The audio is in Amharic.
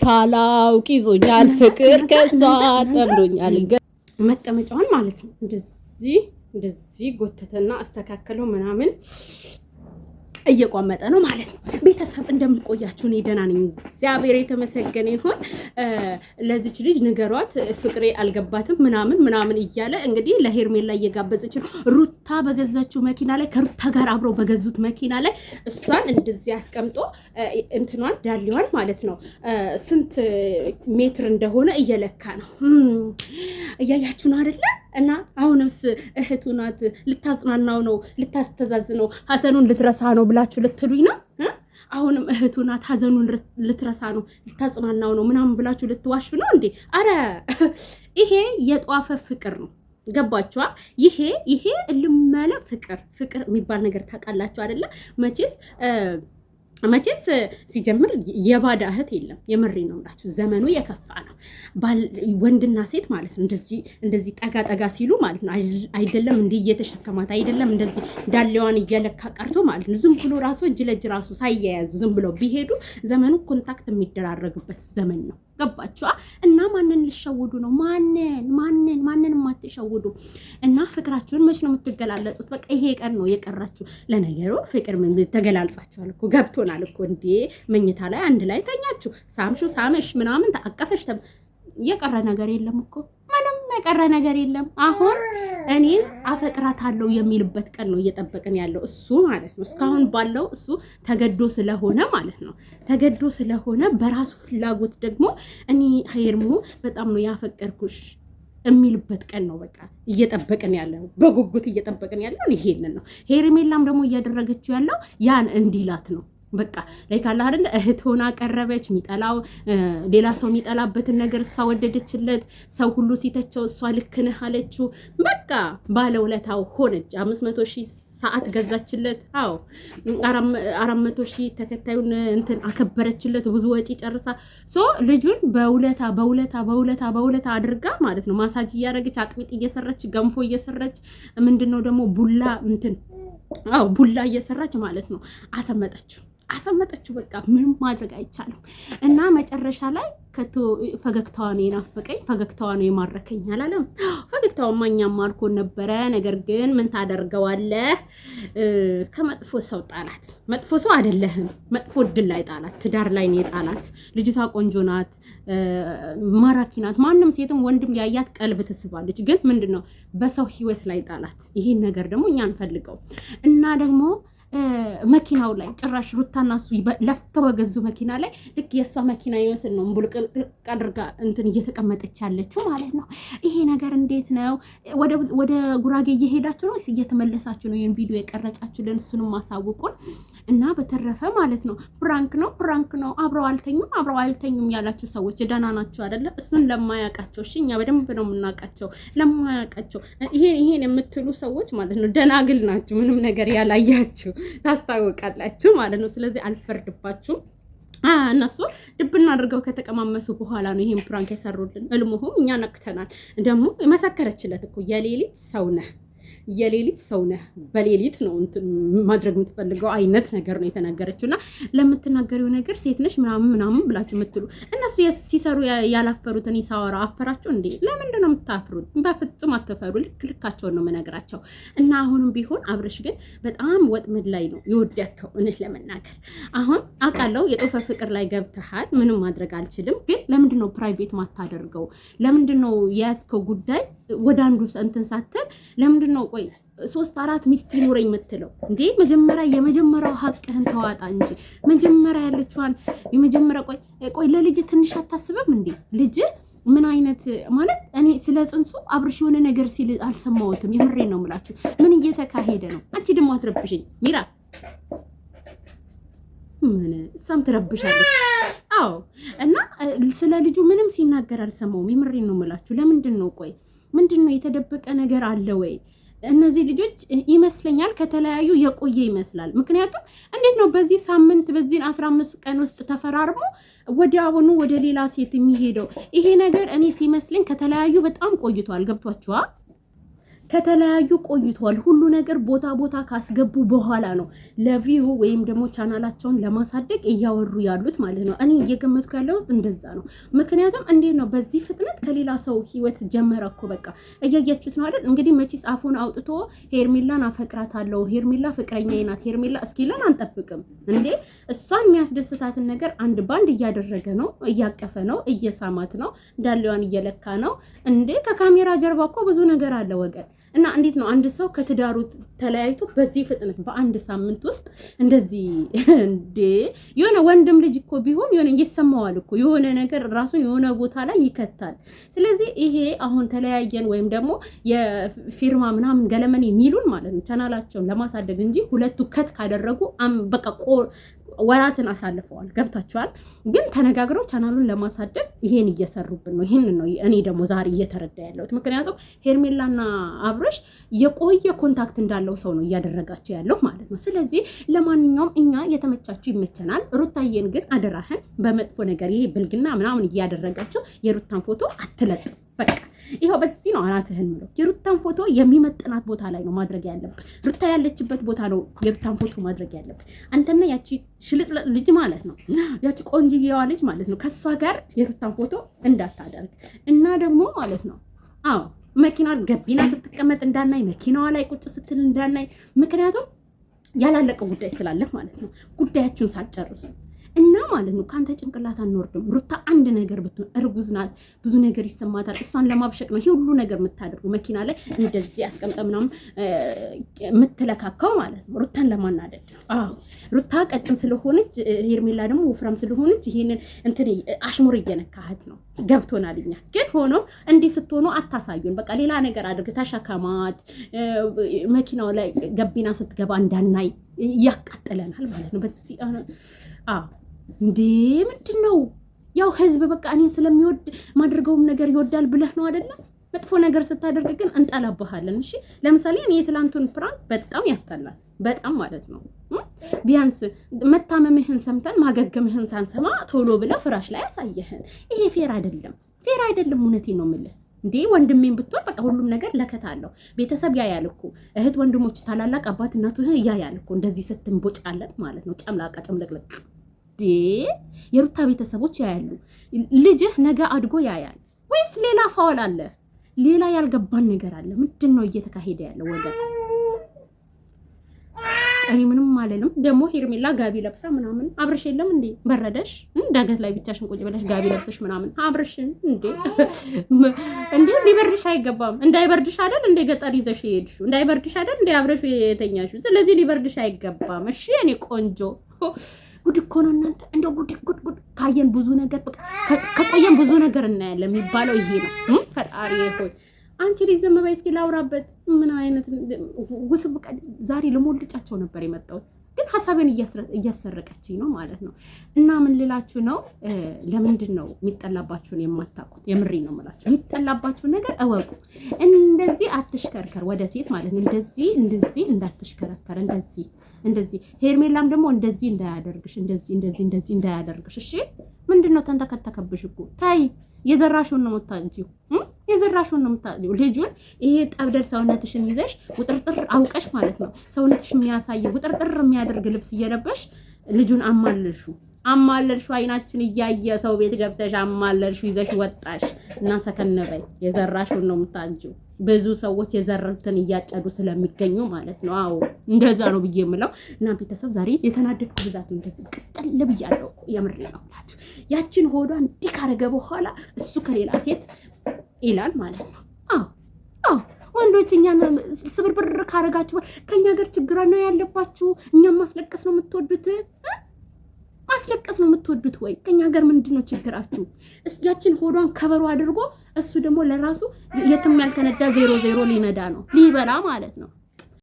ሳላውቅ ይዞኛል ፍቅር ከዛ ጠምዶኛል። መቀመጫውን ማለት ነው። እንደዚህ እንደዚህ ጎተተና አስተካከለው ምናምን እየቋመጠ ነው ማለት ነው። ቤተሰብ እንደምቆያችሁ እኔ ደህና ነኝ፣ እግዚአብሔር የተመሰገነ ይሁን። ለዚች ልጅ ንገሯት ፍቅሬ አልገባትም ምናምን ምናምን እያለ እንግዲህ ለሄርሜላ እየጋበዘች ነው። ሩታ በገዛችው መኪና ላይ ከሩታ ጋር አብረው በገዙት መኪና ላይ እሷን እንደዚህ አስቀምጦ እንትኗን ዳሌዋን ማለት ነው ስንት ሜትር እንደሆነ እየለካ ነው። እያያችሁ ነው አይደለም እና አሁንስ እህቱ ናት ልታጽናናው ነው ልታስተዛዝ ነው ሀዘኑን ልትረሳ ነው ብላችሁ ልትሉኝ ነው። አሁንም እህቱ ናት ሀዘኑን ልትረሳ ነው ልታጽናናው ነው ምናምን ብላችሁ ልትዋሹ ነው እንዴ? አረ ይሄ የጧፈ ፍቅር ነው። ገባችኋ? ይሄ ይሄ እልም ያለ ፍቅር ፍቅር የሚባል ነገር ታውቃላችሁ አይደለ? መቼስ መቼስ ሲጀምር የባዳ እህት የለም። የምሬ ነው የምላችሁ፣ ዘመኑ የከፋ ነው። ወንድና ሴት ማለት ነው እንደዚህ ጠጋ ጠጋ ሲሉ ማለት ነው አይደለም፣ እንዲህ እየተሸከማት አይደለም፣ እንደዚህ ዳሌዋን እየለካ ቀርቶ ማለት ነው ዝም ብሎ ራሱ እጅ ለእጅ ራሱ ሳይያያዙ ዝም ብሎ ቢሄዱ ዘመኑ ኮንታክት የሚደራረግበት ዘመን ነው። ገባችኋ? እና ማንን ልሸውዱ ነው? ማንን ማንን ማንን የማትሸውዱ እና ፍቅራችሁን መች ነው የምትገላለጹት? በቃ ይሄ ቀን ነው የቀራችሁ። ለነገሩ ፍቅር ተገላልጻችኋል እኮ ገብቶናል እኮ እንዴ። መኝታ ላይ አንድ ላይ ተኛችሁ፣ ሳምሹ ሳመሽ ምናምን ተአቀፈሽ፣ የቀረ ነገር የለም እኮ ምንም የቀረ ነገር የለም። አሁን እኔ አፈቅራታለሁ የሚልበት ቀን ነው እየጠበቅን ያለው እሱ ማለት ነው። እስካሁን ባለው እሱ ተገዶ ስለሆነ ማለት ነው። ተገዶ ስለሆነ በራሱ ፍላጎት ደግሞ እኔ ሄርሙ በጣም ነው ያፈቀርኩሽ የሚልበት ቀን ነው። በቃ እየጠበቅን ያለው በጉጉት እየጠበቅን ያለው ይሄንን ነው። ሄርሜላም ደግሞ እያደረገችው ያለው ያን እንዲላት ነው። በቃ ላይ ካለ አይደለ እህት ሆና ቀረበች። ሚጠላው ሌላ ሰው የሚጠላበትን ነገር እሷ ወደደችለት። ሰው ሁሉ ሲተቸው እሷ ልክ ነህ አለችው። በቃ ባለውለታው ሆነች። አምስት መቶ ሺህ ሰዓት ገዛችለት። አዎ አራት መቶ ሺህ ተከታዩን እንትን አከበረችለት። ብዙ ወጪ ጨርሳ ሶ ልጁን በውለታ በውለታ በውለታ በውለታ አድርጋ ማለት ነው። ማሳጅ እያደረገች አጥሚጥ እየሰራች ገንፎ እየሰራች ምንድን ነው ደግሞ ቡላ እንትን አዎ ቡላ እየሰራች ማለት ነው አሰመጠችው። አሰመጠችው። በቃ ምንም ማድረግ አይቻልም። እና መጨረሻ ላይ ከቶ ፈገግታዋ ነው የናፈቀኝ፣ ፈገግታዋ ነው የማረከኝ አላለም። ፈገግታው ማኛ ማርኮ ነበረ። ነገር ግን ምን ታደርገዋለህ? ከመጥፎ ሰው ጣላት። መጥፎ ሰው አይደለህም፣ መጥፎ እድል ላይ ጣላት። ትዳር ላይ ነው የጣላት። ልጅቷ ቆንጆ ናት፣ ማራኪ ናት። ማንም ሴትም ወንድም ያያት ቀልብ ትስባለች። ግን ምንድን ነው በሰው ህይወት ላይ ጣላት። ይሄን ነገር ደግሞ እኛ አንፈልገው እና ደግሞ መኪናው ላይ ጭራሽ ሩታና እሱ ለፍተው በገዙ መኪና ላይ ልክ የእሷ መኪና ይመስል ነው ቡልቅልቅ አድርጋ እንትን እየተቀመጠች ያለችው ማለት ነው። ይሄ ነገር እንዴት ነው? ወደ ጉራጌ እየሄዳችሁ ነው ወይስ እየተመለሳችሁ ነው? ይህን ቪዲዮ የቀረጻችሁልን እሱንም አሳውቁን። እና በተረፈ ማለት ነው ፕራንክ ነው ፕራንክ ነው አብረው አልተኙም አብረው አልተኙም ያላቸው ሰዎች ደህና ናቸው አይደለ? እሱን ለማያውቃቸው እሺ፣ እኛ በደንብ ነው የምናውቃቸው። ለማያውቃቸው ይሄን ይሄን የምትሉ ሰዎች ማለት ነው ደናግል ናችሁ፣ ምንም ነገር ያላያችሁ ታስታውቃላችሁ ማለት ነው። ስለዚህ አልፈርድባችሁም። እነሱ ድብና አድርገው ከተቀማመሱ በኋላ ነው ይህን ፕራንክ የሰሩልን። እልሙሁም እኛ ነቅተናል። ደግሞ መሰከረችለት እኮ የሌሊት ሰው ነህ የሌሊት ሰው ነህ፣ በሌሊት ነው ማድረግ የምትፈልገው አይነት ነገር ነው የተናገረችው። እና ለምትናገሪው ነገር ሴት ነሽ ምናምን ምናምን ብላችሁ የምትሉ እነሱ ሲሰሩ ያላፈሩትን ሳወራ አፈራችሁ እንዴ? ለምንድን ነው የምታፍሩት? በፍጹም አትፈሩ። ልክ ልካቸውን ነው የምነግራቸው። እና አሁንም ቢሆን አብረሽ ግን በጣም ወጥመድ ላይ ነው የወደቅከው። እውነት ለመናገር አሁን አውቃለሁ የጦፈ ፍቅር ላይ ገብተሃል። ምንም ማድረግ አልችልም። ግን ለምንድን ነው ፕራይቬት ማታደርገው? ለምንድን ነው የያዝከው ጉዳይ ወደ አንዱ እንትን ሳትል ለምንድን ነው ነው? ቆይ ሶስት አራት ሚስት ይኖረኝ የምትለው እንዴ? መጀመሪያ የመጀመሪያው ሀቅህን ተዋጣ እንጂ መጀመሪያ ያለችዋን የመጀመሪያ ቆይ ቆይ ለልጅ ትንሽ አታስብም እንዴ? ልጅ ምን አይነት ማለት እኔ ስለ ጽንሱ አብርሽ የሆነ ነገር ሲል አልሰማሁትም። የምሬ ነው የምላችሁ። ምን እየተካሄደ ነው? አንቺ ደግሞ አትረብሽኝ ሚራ። ምን እሷም ትረብሻለች። አዎ እና ስለ ልጁ ምንም ሲናገር አልሰማውም። የምሬ ነው የምላችሁ። ለምንድን ነው ቆይ ምንድን ነው የተደበቀ ነገር አለ ወይ? እነዚህ ልጆች ይመስለኛል ከተለያዩ የቆየ ይመስላል። ምክንያቱም እንዴት ነው በዚህ ሳምንት በዚህን አስራ አምስት ቀን ውስጥ ተፈራርሞ ወደ አሁኑ ወደ ሌላ ሴት የሚሄደው? ይሄ ነገር እኔ ሲመስለኝ ከተለያዩ በጣም ቆይቷል። ገብቷችኋል? ከተለያዩ ቆይተዋል። ሁሉ ነገር ቦታ ቦታ ካስገቡ በኋላ ነው ለቪው ወይም ደግሞ ቻናላቸውን ለማሳደግ እያወሩ ያሉት ማለት ነው። እኔ እየገመትኩ ያለሁት እንደዛ ነው። ምክንያቱም እንዴት ነው በዚህ ፍጥነት ከሌላ ሰው ህይወት ጀመረ እኮ በቃ እያያችሁት ነው አይደል? እንግዲህ መቼስ አፉን አውጥቶ ሄርሜላን አፈቅራታለሁ፣ ሄርሜላ ፍቅረኛዬ ናት፣ ሄርሜላ እስኪለን አንጠብቅም እንዴ። እሷ የሚያስደስታትን ነገር አንድ ባንድ እያደረገ ነው፣ እያቀፈ ነው፣ እየሳማት ነው፣ ዳሌዋን እየለካ ነው እንዴ። ከካሜራ ጀርባ እኮ ብዙ ነገር አለ ወገን እና እንዴት ነው አንድ ሰው ከትዳሩ ተለያይቶ በዚህ ፍጥነት በአንድ ሳምንት ውስጥ እንደዚህ እንዴ? የሆነ ወንድም ልጅ እኮ ቢሆን የሆነ እየሰማዋል እኮ የሆነ ነገር ራሱን የሆነ ቦታ ላይ ይከታል። ስለዚህ ይሄ አሁን ተለያየን ወይም ደግሞ የፊርማ ምናምን ገለመን የሚሉን ማለት ነው ቻናላቸውን ለማሳደግ እንጂ ሁለቱ ከት ካደረጉ በቃ ወራትን አሳልፈዋል። ገብታችኋል። ግን ተነጋግረው ቻናሉን ለማሳደግ ይሄን እየሰሩብን ነው። ይህን ነው እኔ ደግሞ ዛሬ እየተረዳ ያለሁት። ምክንያቱም ሄርሜላና አብረሽ የቆየ ኮንታክት እንዳለው ሰው ነው እያደረጋቸው ያለው ማለት ነው። ስለዚህ ለማንኛውም እኛ የተመቻችሁ ይመቸናል። ሩታዬን ግን አደራህን በመጥፎ ነገር ይሄ ብልግና ምናምን እያደረጋቸው የሩታን ፎቶ አትለጥ በቃ ይኸው በዚህ ነው አናትህን ምለው። የሩታን ፎቶ የሚመጥናት ቦታ ላይ ነው ማድረግ ያለብን። ሩታ ያለችበት ቦታ ነው የሩታን ፎቶ ማድረግ ያለብን። አንተና ያቺ ሽልጥ ልጅ ማለት ነው ያቺ ቆንጅዬዋ ልጅ ማለት ነው። ከእሷ ጋር የሩታን ፎቶ እንዳታደርግ እና ደግሞ ማለት ነው አዎ መኪና ገቢና ስትቀመጥ እንዳናይ፣ መኪናዋ ላይ ቁጭ ስትል እንዳናይ። ምክንያቱም ያላለቀ ጉዳይ ስላለህ ማለት ነው ጉዳያችሁን ሳትጨርሱ ማለት ነው። ከአንተ ጭንቅላት አንወርድም ሩታ። አንድ ነገር ብትሆን እርጉዝ ናት፣ ብዙ ነገር ይሰማታል። እሷን ለማብሸቅ ነው ይሄ ሁሉ ነገር የምታደርጉ መኪና ላይ እንደዚህ አስቀምጠ ምናምን የምትለካካው ማለት ነው። ሩታን ለማናደድ አዎ። ሩታ ቀጭን ስለሆነች ሄርሜላ ደግሞ ወፍራም ስለሆነች ይሄንን እንትን አሽሙር እየነካህት ነው። ገብቶናል እኛ ግን ሆኖ እንዲህ ስትሆኑ አታሳዩን። በቃ ሌላ ነገር አድርግ ተሸከማት መኪናው ላይ ገቢና ስትገባ እንዳናይ እያቃጥለናል ማለት ነው። በዚህ አዎ እንዴ ምንድን ነው? ያው ህዝብ በቃ እኔን ስለሚወድ ማድርገውም ነገር ይወዳል ብለህ ነው አይደለም? መጥፎ ነገር ስታደርግ ግን እንጠላብሃለን። እሺ ለምሳሌ እኔ የትላንቱን ፕራንክ በጣም ያስጠላል፣ በጣም ማለት ነው። ቢያንስ መታመምህን ሰምተን ማገገምህን ሳንሰማ ቶሎ ብለህ ፍራሽ ላይ ያሳየህን፣ ይሄ ፌር አይደለም፣ ፌር አይደለም። እውነቴ ነው የምልህ። እንዴ ወንድሜን ብትሆን በቃ ሁሉም ነገር ለከት አለው። ቤተሰብ ያ ያልኩ እህት ወንድሞች፣ ታላላቅ አባት እናቱ ያልኩ እንደዚህ ስትንቦጫለት ማለት ነው። ጨምላቃ ጨምለቅለቅ እንዴ የሩታ ቤተሰቦች ያያሉ። ልጅህ ነገ አድጎ ያያል ወይስ ሌላ ፋውል አለ? ሌላ ያልገባን ነገር አለ? ምንድን ነው እየተካሄደ ያለው ወገ እኔ ምንም አልልም። ደግሞ ሄርሜላ ጋቢ ለብሳ ምናምን አብረሽ የለም እንዴ በረደሽ? ዳገት ላይ ብቻሽን ቁጭ ብለሽ ጋቢ ለብሰሽ ምናምን አብረሽን እንዴ እንዴ ሊበርድሽ አይገባም። እንዳይበርድሽ አይደል እንደ ገጠር ይዘሽ የሄድሽው እንዳይበርድሽ አይደል እንደ አብረሽ የተኛሽው። ስለዚህ ሊበርድሽ አይገባም። እሺ እኔ ቆንጆ ጉድ እኮ ነው እናንተ። እንደ ጉድ ጉድ ጉድ ካየን ብዙ ነገር ከቆየን ብዙ ነገር እናያለን የሚባለው ይሄ ነው። ፈጣሪ ሆይ አንቺ ልጅ ዝም በይ እስኪ ላውራበት። ምን አይነት ውስብ ዛሬ ልሞልጫቸው ነበር የመጣሁት ግን ሀሳቤን እያሰረቀችኝ ነው ማለት ነው። እና ምን ልላችሁ ነው፣ ለምንድን ነው የሚጠላባችሁን የማታውቁት? የምሬ ነው የምላችሁ፣ የሚጠላባችሁን ነገር እወቁ። እንደዚህ አትሽከርከር፣ ወደ ሴት ማለት ነው። እንደዚህ እንደዚህ እንዳትሽከረከር እንደዚህ እንደዚህ ሄርሜላም ደግሞ እንደዚህ እንዳያደርግሽ እንደዚህ እንደዚህ እንደዚህ እንዳያደርግሽ። እሺ ምንድን ነው ተንተከተከብሽ እኮ ታይ የዘራሽውን ነው የምታንቺው የዘራሽውን ነው የምታንቺው። ልጁን ይሄ ጠብደር ሰውነትሽን ይዘሽ ውጥርጥር አውቀሽ ማለት ነው ሰውነትሽ የሚያሳይ ውጥርጥር የሚያደርግ ልብስ እየለበሽ ልጁን አማለልሹ አማለልሹ አይናችን እያየ ሰው ቤት ገብተሽ አማለልሹ ይዘሽ ወጣሽ እና ሰከነበይ የዘራሽውን ነው የምታንቺው። ብዙ ሰዎች የዘረንትን እያጨዱ ስለሚገኙ ማለት ነው። አዎ እንደዛ ነው ብዬ የምለው እና ቤተሰብ ዛሬ የተናደድኩ ብዛት እንደዚህ ቅጥል ብያለሁ። የምር ነው ብላችሁ ያችን ሆዷን እንዲህ ካረገ በኋላ እሱ ከሌላ ሴት ይላል ማለት ነው። አዎ አዎ ወንዶች እኛን ስብርብር ካረጋችሁ ከኛ ጋር ችግር ነው ያለባችሁ። እኛም ማስለቀስ ነው የምትወዱት ማስለቀስ ነው የምትወዱት ወይ? ከኛ ጋር ምንድን ነው ችግራችሁ? ያችን ሆዷን ከበሮ አድርጎ እሱ ደግሞ ለራሱ የትም ያልተነዳ ዜሮ ዜሮ ሊነዳ ነው ሊበላ ማለት ነው።